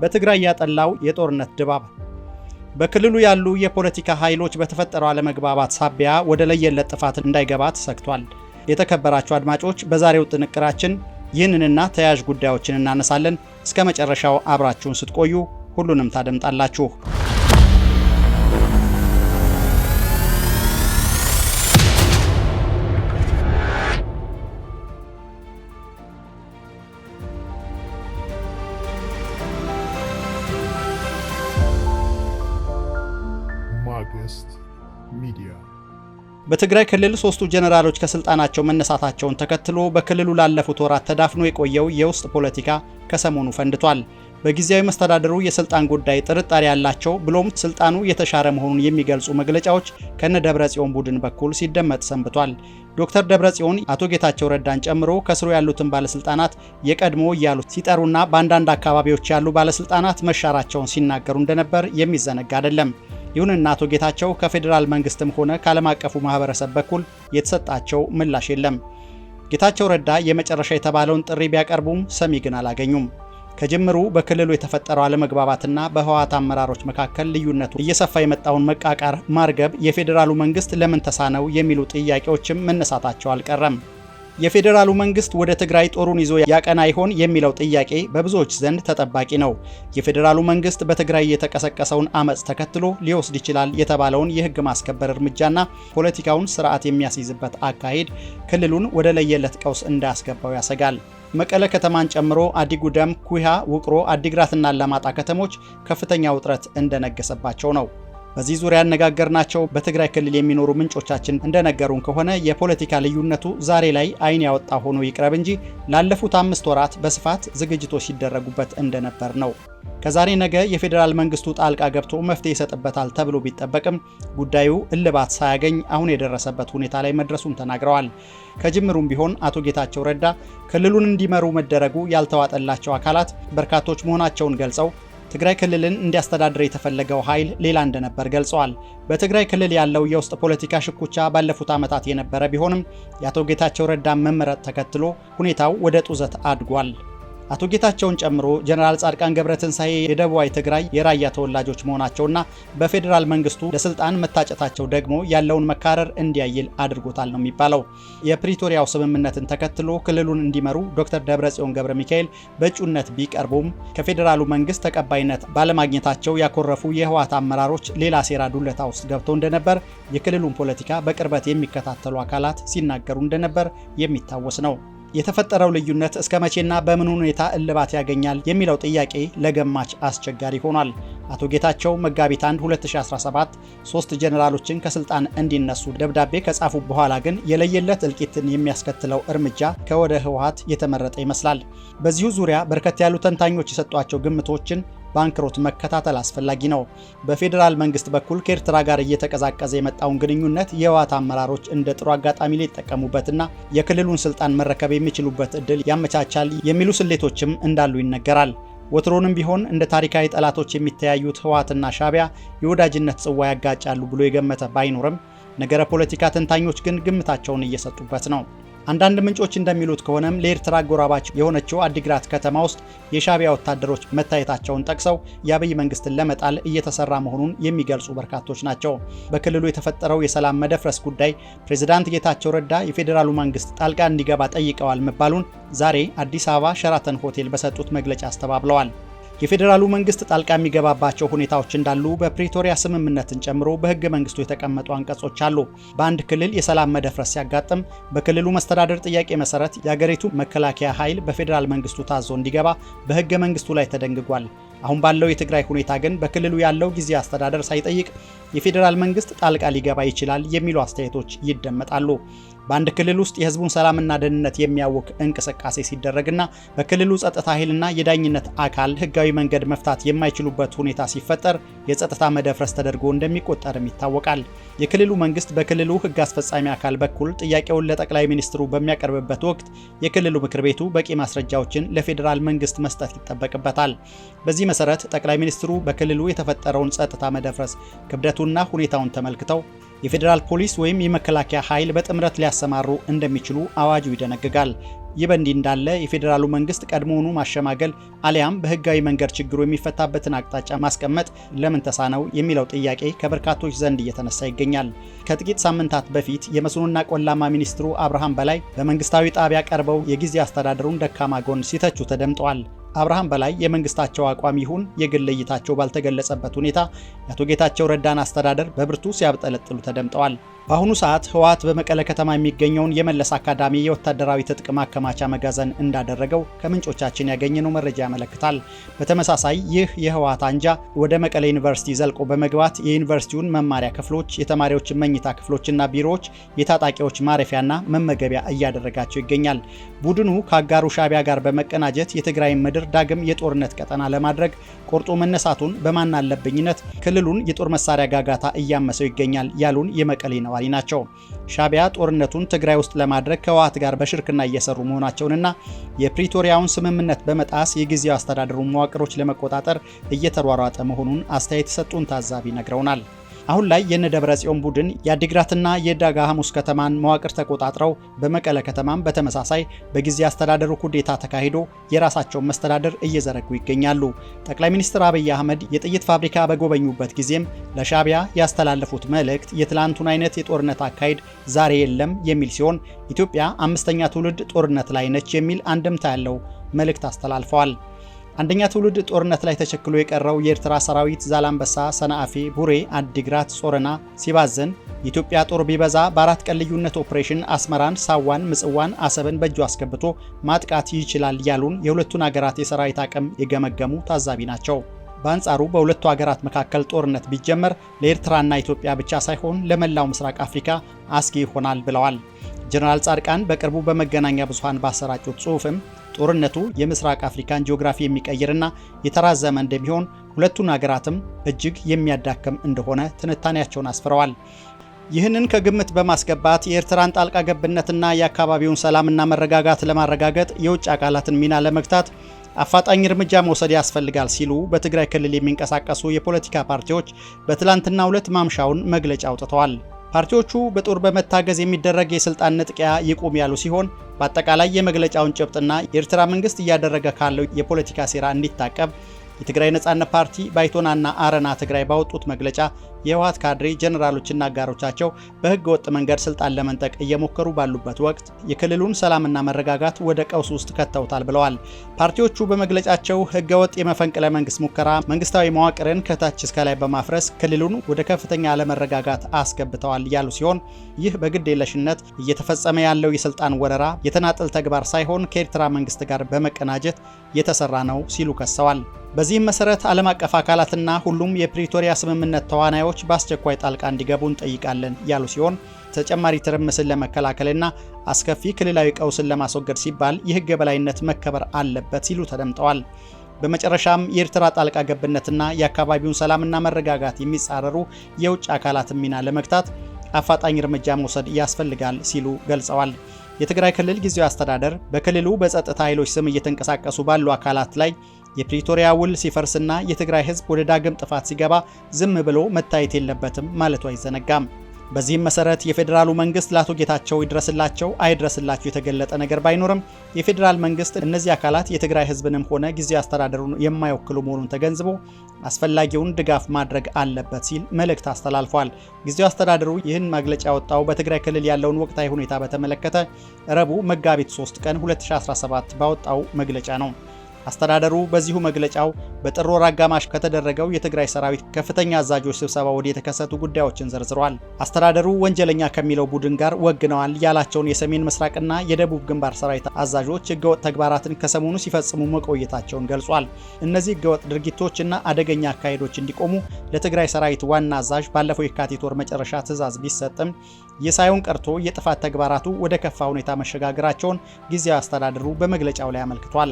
በትግራይ ያጠላው የጦርነት ድባብ በክልሉ ያሉ የፖለቲካ ኃይሎች በተፈጠረው አለመግባባት ሳቢያ ወደ ለየለት ጥፋት እንዳይገባ ተሰግቷል። የተከበራችሁ አድማጮች፣ በዛሬው ጥንቅራችን ይህንንና ተያያዥ ጉዳዮችን እናነሳለን። እስከ መጨረሻው አብራችሁን ስትቆዩ ሁሉንም ታደምጣላችሁ። ሚዲያ በትግራይ ክልል ሶስቱ ጄኔራሎች ከስልጣናቸው መነሳታቸውን ተከትሎ በክልሉ ላለፉት ወራት ተዳፍኖ የቆየው የውስጥ ፖለቲካ ከሰሞኑ ፈንድቷል። በጊዜያዊ መስተዳደሩ የስልጣን ጉዳይ ጥርጣሬ ያላቸው ብሎም ስልጣኑ የተሻረ መሆኑን የሚገልጹ መግለጫዎች ከነ ደብረጽዮን ቡድን በኩል ሲደመጥ ሰንብቷል። ዶክተር ደብረጽዮን አቶ ጌታቸው ረዳን ጨምሮ ከስሩ ያሉትን ባለስልጣናት የቀድሞ እያሉ ሲጠሩና በአንዳንድ አካባቢዎች ያሉ ባለስልጣናት መሻራቸውን ሲናገሩ እንደነበር የሚዘነጋ አይደለም። ይሁንና አቶ ጌታቸው ከፌዴራል መንግስትም ሆነ ከዓለም አቀፉ ማህበረሰብ በኩል የተሰጣቸው ምላሽ የለም። ጌታቸው ረዳ የመጨረሻ የተባለውን ጥሪ ቢያቀርቡም ሰሚ ግን አላገኙም። ከጅምሩ በክልሉ የተፈጠረው አለመግባባትና በህወሓት አመራሮች መካከል ልዩነቱ እየሰፋ የመጣውን መቃቃር ማርገብ የፌዴራሉ መንግስት ለምን ተሳነው የሚሉ ጥያቄዎችም መነሳታቸው አልቀረም። የፌዴራሉ መንግስት ወደ ትግራይ ጦሩን ይዞ ያቀና ይሆን የሚለው ጥያቄ በብዙዎች ዘንድ ተጠባቂ ነው። የፌዴራሉ መንግስት በትግራይ የተቀሰቀሰውን አመፅ ተከትሎ ሊወስድ ይችላል የተባለውን የህግ ማስከበር እርምጃና ፖለቲካውን ስርዓት የሚያስይዝበት አካሄድ ክልሉን ወደ ለየለት ቀውስ እንዳያስገባው ያሰጋል። መቀለ ከተማን ጨምሮ አዲጉደም፣ ኩሃ፣ ውቅሮ፣ አዲግራትና አላማጣ ከተሞች ከፍተኛ ውጥረት እንደነገሰባቸው ነው። በዚህ ዙሪያ ያነጋገርናቸው በትግራይ ክልል የሚኖሩ ምንጮቻችን እንደነገሩን ከሆነ የፖለቲካ ልዩነቱ ዛሬ ላይ አይን ያወጣ ሆኖ ይቅረብ እንጂ ላለፉት አምስት ወራት በስፋት ዝግጅቶች ሲደረጉበት እንደነበር ነው። ከዛሬ ነገ የፌዴራል መንግስቱ ጣልቃ ገብቶ መፍትሄ ይሰጥበታል ተብሎ ቢጠበቅም ጉዳዩ እልባት ሳያገኝ አሁን የደረሰበት ሁኔታ ላይ መድረሱን ተናግረዋል። ከጅምሩም ቢሆን አቶ ጌታቸው ረዳ ክልሉን እንዲመሩ መደረጉ ያልተዋጠላቸው አካላት በርካቶች መሆናቸውን ገልጸው ትግራይ ክልልን እንዲያስተዳድር የተፈለገው ኃይል ሌላ እንደነበር ገልጸዋል። በትግራይ ክልል ያለው የውስጥ ፖለቲካ ሽኩቻ ባለፉት ዓመታት የነበረ ቢሆንም የአቶ ጌታቸው ረዳ መመረጥ ተከትሎ ሁኔታው ወደ ጡዘት አድጓል። አቶ ጌታቸውን ጨምሮ ጀነራል ጻድቃን ገብረትንሳኤ የደቡባዊ ትግራይ የራያ ተወላጆች መሆናቸውና በፌዴራል መንግስቱ ለስልጣን መታጨታቸው ደግሞ ያለውን መካረር እንዲያይል አድርጎታል ነው የሚባለው። የፕሪቶሪያው ስምምነትን ተከትሎ ክልሉን እንዲመሩ ዶክተር ደብረጽዮን ገብረ ሚካኤል በእጩነት ቢቀርቡም ከፌዴራሉ መንግስት ተቀባይነት ባለማግኘታቸው ያኮረፉ የህወሓት አመራሮች ሌላ ሴራ ዱለታ ውስጥ ገብተው እንደነበር የክልሉን ፖለቲካ በቅርበት የሚከታተሉ አካላት ሲናገሩ እንደነበር የሚታወስ ነው። የተፈጠረው ልዩነት እስከ መቼና በምን ሁኔታ እልባት ያገኛል የሚለው ጥያቄ ለገማች አስቸጋሪ ሆኗል። አቶ ጌታቸው መጋቢት 1 2017 ሶስት ጄኔራሎችን ከስልጣን እንዲነሱ ደብዳቤ ከጻፉ በኋላ ግን የለየለት እልቂትን የሚያስከትለው እርምጃ ከወደ ህወሀት የተመረጠ ይመስላል። በዚሁ ዙሪያ በርከት ያሉ ተንታኞች የሰጧቸው ግምቶችን ባንክሮት መከታተል አስፈላጊ ነው። በፌዴራል መንግስት በኩል ከኤርትራ ጋር እየተቀዛቀዘ የመጣውን ግንኙነት የህወሓት አመራሮች እንደ ጥሩ አጋጣሚ ሊጠቀሙበትና የክልሉን ስልጣን መረከብ የሚችሉበት እድል ያመቻቻል የሚሉ ስሌቶችም እንዳሉ ይነገራል። ወትሮንም ቢሆን እንደ ታሪካዊ ጠላቶች የሚተያዩት ህወሓትና ሻቢያ የወዳጅነት ጽዋ ያጋጫሉ ብሎ የገመተ ባይኖርም ነገረ ፖለቲካ ተንታኞች ግን ግምታቸውን እየሰጡበት ነው። አንዳንድ ምንጮች እንደሚሉት ከሆነም ለኤርትራ ጎራባች የሆነችው አዲግራት ከተማ ውስጥ የሻቢያ ወታደሮች መታየታቸውን ጠቅሰው የአብይ መንግስትን ለመጣል እየተሰራ መሆኑን የሚገልጹ በርካቶች ናቸው። በክልሉ የተፈጠረው የሰላም መደፍረስ ጉዳይ ፕሬዝዳንት ጌታቸው ረዳ የፌዴራሉ መንግስት ጣልቃ እንዲገባ ጠይቀዋል መባሉን ዛሬ አዲስ አበባ ሸራተን ሆቴል በሰጡት መግለጫ አስተባብለዋል። የፌዴራሉ መንግስት ጣልቃ የሚገባባቸው ሁኔታዎች እንዳሉ በፕሪቶሪያ ስምምነትን ጨምሮ በህገ መንግስቱ የተቀመጡ አንቀጾች አሉ። በአንድ ክልል የሰላም መደፍረስ ሲያጋጥም በክልሉ መስተዳደር ጥያቄ መሰረት የአገሪቱ መከላከያ ኃይል በፌዴራል መንግስቱ ታዞ እንዲገባ በህገ መንግስቱ ላይ ተደንግጓል። አሁን ባለው የትግራይ ሁኔታ ግን በክልሉ ያለው ጊዜ አስተዳደር ሳይጠይቅ የፌዴራል መንግስት ጣልቃ ሊገባ ይችላል የሚሉ አስተያየቶች ይደመጣሉ። በአንድ ክልል ውስጥ የህዝቡን ሰላምና ደህንነት የሚያውክ እንቅስቃሴ ሲደረግና በክልሉ ጸጥታ ኃይልና የዳኝነት አካል ህጋዊ መንገድ መፍታት የማይችሉበት ሁኔታ ሲፈጠር የጸጥታ መደፍረስ ተደርጎ እንደሚቆጠርም ይታወቃል። የክልሉ መንግስት በክልሉ ህግ አስፈጻሚ አካል በኩል ጥያቄውን ለጠቅላይ ሚኒስትሩ በሚያቀርብበት ወቅት የክልሉ ምክር ቤቱ በቂ ማስረጃዎችን ለፌዴራል መንግስት መስጠት ይጠበቅበታል። በዚህ መሰረት ጠቅላይ ሚኒስትሩ በክልሉ የተፈጠረውን ጸጥታ መደፍረስ ክብደቱና ሁኔታውን ተመልክተው የፌዴራል ፖሊስ ወይም የመከላከያ ኃይል በጥምረት ሊያሰማሩ እንደሚችሉ አዋጁ ይደነግጋል። ይህ በእንዲህ እንዳለ የፌዴራሉ መንግስት ቀድሞውኑ ማሸማገል አሊያም በህጋዊ መንገድ ችግሩ የሚፈታበትን አቅጣጫ ማስቀመጥ ለምን ተሳነው የሚለው ጥያቄ ከበርካቶች ዘንድ እየተነሳ ይገኛል። ከጥቂት ሳምንታት በፊት የመስኖና ቆላማ ሚኒስትሩ አብርሃም በላይ በመንግስታዊ ጣቢያ ቀርበው የጊዜ አስተዳደሩን ደካማ ጎን ሲተቹ ተደምጠዋል። አብርሃም በላይ የመንግስታቸው አቋም ይሁን የግል እይታቸው ባልተገለጸበት ሁኔታ የአቶ ጌታቸው ረዳን አስተዳደር በብርቱ ሲያብጠለጥሉ ተደምጠዋል። በአሁኑ ሰዓት ህወሓት በመቀለ ከተማ የሚገኘውን የመለስ አካዳሚ የወታደራዊ ትጥቅ ማከማቻ መጋዘን እንዳደረገው ከምንጮቻችን ያገኘነው መረጃ ያመለክታል። በተመሳሳይ ይህ የህወሓት አንጃ ወደ መቀለ ዩኒቨርሲቲ ዘልቆ በመግባት የዩኒቨርሲቲውን መማሪያ ክፍሎች፣ የተማሪዎችን መኝታ ክፍሎችና ቢሮዎች የታጣቂዎች ማረፊያና መመገቢያ እያደረጋቸው ይገኛል። ቡድኑ ከአጋሩ ሻቢያ ጋር በመቀናጀት የትግራይን ምድር ዳግም የጦርነት ቀጠና ለማድረግ ቆርጦ መነሳቱን በማናለብኝነት ክልሉን የጦር መሳሪያ ጋጋታ እያመሰው ይገኛል ያሉን የመቀሌ ነዋል አስተባባሪ ናቸው። ሻቢያ ጦርነቱን ትግራይ ውስጥ ለማድረግ ከህወሓት ጋር በሽርክና እየሰሩ መሆናቸውንና የፕሪቶሪያውን ስምምነት በመጣስ የጊዜያዊ አስተዳደሩን መዋቅሮች ለመቆጣጠር እየተሯሯጠ መሆኑን አስተያየት ሰጡን ታዛቢ ነግረውናል። አሁን ላይ የነደብረ ጽዮን ቡድን የአዲግራትና የዳጋ ሐሙስ ከተማን መዋቅር ተቆጣጥረው በመቀለ ከተማም በተመሳሳይ በጊዜ አስተዳደሩ ኩዴታ ተካሂዶ የራሳቸውን መስተዳደር እየዘረጉ ይገኛሉ። ጠቅላይ ሚኒስትር አብይ አህመድ የጥይት ፋብሪካ በጎበኙበት ጊዜም ለሻቢያ ያስተላለፉት መልእክት የትላንቱን አይነት የጦርነት አካሄድ ዛሬ የለም የሚል ሲሆን ኢትዮጵያ አምስተኛ ትውልድ ጦርነት ላይ ነች የሚል አንድምታ ያለው መልእክት አስተላልፈዋል። አንደኛ ትውልድ ጦርነት ላይ ተቸክሎ የቀረው የኤርትራ ሰራዊት ዛላንበሳ፣ ሰነአፌ፣ ቡሬ፣ አዲግራት፣ ጾረና ሲባዝን የኢትዮጵያ ጦር ቢበዛ በአራት ቀን ልዩነት ኦፕሬሽን አስመራን፣ ሳዋን፣ ምጽዋን፣ አሰብን በእጁ አስገብቶ ማጥቃት ይችላል ያሉን የሁለቱን አገራት የሰራዊት አቅም የገመገሙ ታዛቢ ናቸው። በአንጻሩ በሁለቱ አገራት መካከል ጦርነት ቢጀመር ለኤርትራና ኢትዮጵያ ብቻ ሳይሆን ለመላው ምስራቅ አፍሪካ አስጊ ይሆናል ብለዋል። ጀነራል ጻድቃን በቅርቡ በመገናኛ ብዙሃን ባሰራጩት ጽሑፍም ጦርነቱ የምስራቅ አፍሪካን ጂኦግራፊ የሚቀይርና የተራዘመ እንደሚሆን ሁለቱን ሀገራትም እጅግ የሚያዳክም እንደሆነ ትንታኔያቸውን አስፍረዋል። ይህንን ከግምት በማስገባት የኤርትራን ጣልቃ ገብነትና የአካባቢውን ሰላምና መረጋጋት ለማረጋገጥ የውጭ አካላትን ሚና ለመግታት አፋጣኝ እርምጃ መውሰድ ያስፈልጋል ሲሉ በትግራይ ክልል የሚንቀሳቀሱ የፖለቲካ ፓርቲዎች በትላንትና ሁለት ማምሻውን መግለጫ አውጥተዋል። ፓርቲዎቹ በጦር በመታገዝ የሚደረግ የስልጣን ንጥቂያ ይቁም ያሉ ሲሆን በአጠቃላይ የመግለጫውን ጭብጥና የኤርትራ መንግስት እያደረገ ካለው የፖለቲካ ሴራ እንዲታቀብ የትግራይ ነጻነት ፓርቲ ባይቶናና አረና ትግራይ ባወጡት መግለጫ የህወሓት ካድሬ ጀኔራሎችና አጋሮቻቸው በህገ ወጥ መንገድ ስልጣን ለመንጠቅ እየሞከሩ ባሉበት ወቅት የክልሉን ሰላምና መረጋጋት ወደ ቀውስ ውስጥ ከተውታል ብለዋል። ፓርቲዎቹ በመግለጫቸው ህገ ወጥ የመፈንቅለ መንግስት ሙከራ መንግስታዊ መዋቅርን ከታች እስከ ላይ በማፍረስ ክልሉን ወደ ከፍተኛ አለመረጋጋት አስገብተዋል ያሉ ሲሆን ይህ በግድ የለሽነት እየተፈጸመ ያለው የስልጣን ወረራ የተናጠል ተግባር ሳይሆን ከኤርትራ መንግስት ጋር በመቀናጀት የተሰራ ነው ሲሉ ከሰዋል። በዚህም መሰረት ዓለም አቀፍ አካላትና ሁሉም የፕሪቶሪያ ስምምነት ተዋናዮች በአስቸኳይ ጣልቃ እንዲገቡ እንጠይቃለን ያሉ ሲሆን ተጨማሪ ትርምስን ለመከላከልና አስከፊ ክልላዊ ቀውስን ለማስወገድ ሲባል የህግ የበላይነት መከበር አለበት ሲሉ ተደምጠዋል። በመጨረሻም የኤርትራ ጣልቃ ገብነትና የአካባቢውን ሰላምና መረጋጋት የሚጻረሩ የውጭ አካላትን ሚና ለመግታት አፋጣኝ እርምጃ መውሰድ ያስፈልጋል ሲሉ ገልጸዋል። የትግራይ ክልል ጊዜያዊ አስተዳደር በክልሉ በጸጥታ ኃይሎች ስም እየተንቀሳቀሱ ባሉ አካላት ላይ የፕሪቶሪያ ውል ሲፈርስና የትግራይ ህዝብ ወደ ዳግም ጥፋት ሲገባ ዝም ብሎ መታየት የለበትም ማለቱ አይዘነጋም። በዚህም መሰረት የፌዴራሉ መንግስት ለአቶ ጌታቸው ይድረስላቸው አይድረስላቸው የተገለጠ ነገር ባይኖርም የፌዴራል መንግስት እነዚህ አካላት የትግራይ ህዝብንም ሆነ ጊዜ አስተዳደሩን የማይወክሉ መሆኑን ተገንዝቦ አስፈላጊውን ድጋፍ ማድረግ አለበት ሲል መልእክት አስተላልፏል። ጊዜው አስተዳደሩ ይህን መግለጫ ያወጣው በትግራይ ክልል ያለውን ወቅታዊ ሁኔታ በተመለከተ ረቡዕ መጋቢት 3 ቀን 2017 ባወጣው መግለጫ ነው። አስተዳደሩ በዚሁ መግለጫው በጥር ወር አጋማሽ ከተደረገው የትግራይ ሰራዊት ከፍተኛ አዛዦች ስብሰባ ወዲህ የተከሰቱ ጉዳዮችን ዘርዝሯል። አስተዳደሩ ወንጀለኛ ከሚለው ቡድን ጋር ወግነዋል ያላቸውን የሰሜን ምስራቅና የደቡብ ግንባር ሰራዊት አዛዦች ህገወጥ ተግባራትን ከሰሞኑ ሲፈጽሙ መቆየታቸውን ገልጿል። እነዚህ ህገወጥ ድርጊቶችና አደገኛ አካሄዶች እንዲቆሙ ለትግራይ ሰራዊት ዋና አዛዥ ባለፈው የካቲት ወር መጨረሻ ትዕዛዝ ቢሰጥም የሳይሆን ቀርቶ የጥፋት ተግባራቱ ወደ ከፋ ሁኔታ መሸጋገራቸውን ጊዜያዊ አስተዳደሩ በመግለጫው ላይ አመልክቷል።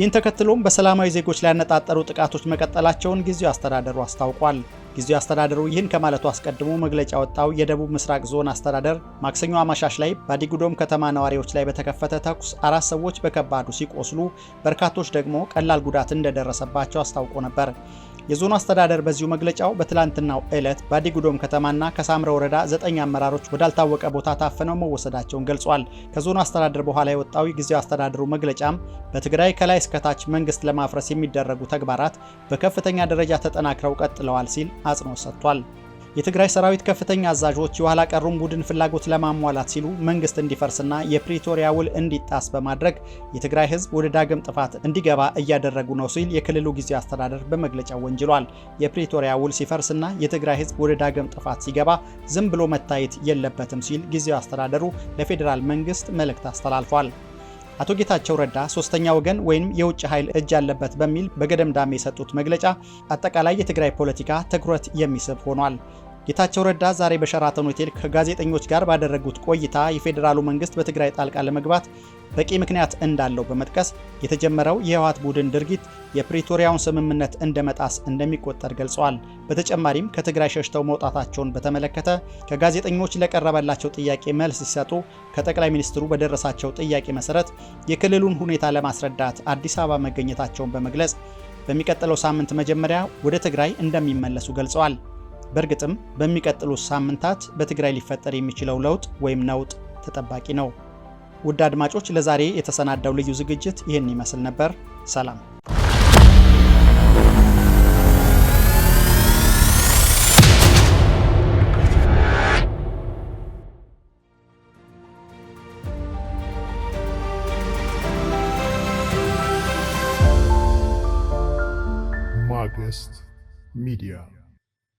ይህን ተከትሎም በሰላማዊ ዜጎች ላይ ያነጣጠሩ ጥቃቶች መቀጠላቸውን ጊዜያዊ አስተዳደሩ አስታውቋል። ጊዜያዊ አስተዳደሩ ይህን ከማለቱ አስቀድሞ መግለጫ ወጣው የደቡብ ምስራቅ ዞን አስተዳደር ማክሰኞ አማሻሽ ላይ በዲጉዶም ከተማ ነዋሪዎች ላይ በተከፈተ ተኩስ አራት ሰዎች በከባዱ ሲቆስሉ፣ በርካቶች ደግሞ ቀላል ጉዳት እንደደረሰባቸው አስታውቆ ነበር። የዞኑ አስተዳደር በዚሁ መግለጫው በትላንትናው ዕለት በአዲጉዶም ከተማና ከሳምረ ወረዳ ዘጠኝ አመራሮች ወዳልታወቀ ቦታ ታፍነው መወሰዳቸውን ገልጿል። ከዞኑ አስተዳደር በኋላ የወጣው ጊዜ አስተዳደሩ መግለጫም በትግራይ ከላይ እስከታች መንግስት ለማፍረስ የሚደረጉ ተግባራት በከፍተኛ ደረጃ ተጠናክረው ቀጥለዋል ሲል አጽንኦት ሰጥቷል። የትግራይ ሰራዊት ከፍተኛ አዛዦች የኋላ ቀሩን ቡድን ፍላጎት ለማሟላት ሲሉ መንግስት እንዲፈርስና የፕሪቶሪያ ውል እንዲጣስ በማድረግ የትግራይ ህዝብ ወደ ዳግም ጥፋት እንዲገባ እያደረጉ ነው ሲል የክልሉ ጊዜ አስተዳደር በመግለጫው ወንጅሏል። የፕሪቶሪያ ውል ሲፈርስና የትግራይ ህዝብ ወደ ዳግም ጥፋት ሲገባ ዝም ብሎ መታየት የለበትም ሲል ጊዜው አስተዳደሩ ለፌዴራል መንግስት መልእክት አስተላልፏል። አቶ ጌታቸው ረዳ ሶስተኛ ወገን ወይም የውጭ ኃይል እጅ ያለበት በሚል በገደምዳሜ የሰጡት መግለጫ አጠቃላይ የትግራይ ፖለቲካ ትኩረት የሚስብ ሆኗል። ጌታቸው ረዳ ዛሬ በሸራተን ሆቴል ከጋዜጠኞች ጋር ባደረጉት ቆይታ የፌዴራሉ መንግስት በትግራይ ጣልቃ ለመግባት በቂ ምክንያት እንዳለው በመጥቀስ የተጀመረው የህወሓት ቡድን ድርጊት የፕሪቶሪያውን ስምምነት እንደመጣስ እንደሚቆጠር ገልጸዋል። በተጨማሪም ከትግራይ ሸሽተው መውጣታቸውን በተመለከተ ከጋዜጠኞች ለቀረበላቸው ጥያቄ መልስ ሲሰጡ ከጠቅላይ ሚኒስትሩ በደረሳቸው ጥያቄ መሰረት የክልሉን ሁኔታ ለማስረዳት አዲስ አበባ መገኘታቸውን በመግለጽ በሚቀጥለው ሳምንት መጀመሪያ ወደ ትግራይ እንደሚመለሱ ገልጸዋል። በእርግጥም በሚቀጥሉት ሳምንታት በትግራይ ሊፈጠር የሚችለው ለውጥ ወይም ነውጥ ተጠባቂ ነው። ውድ አድማጮች ለዛሬ የተሰናዳው ልዩ ዝግጅት ይህን ይመስል ነበር። ሰላም። August Media.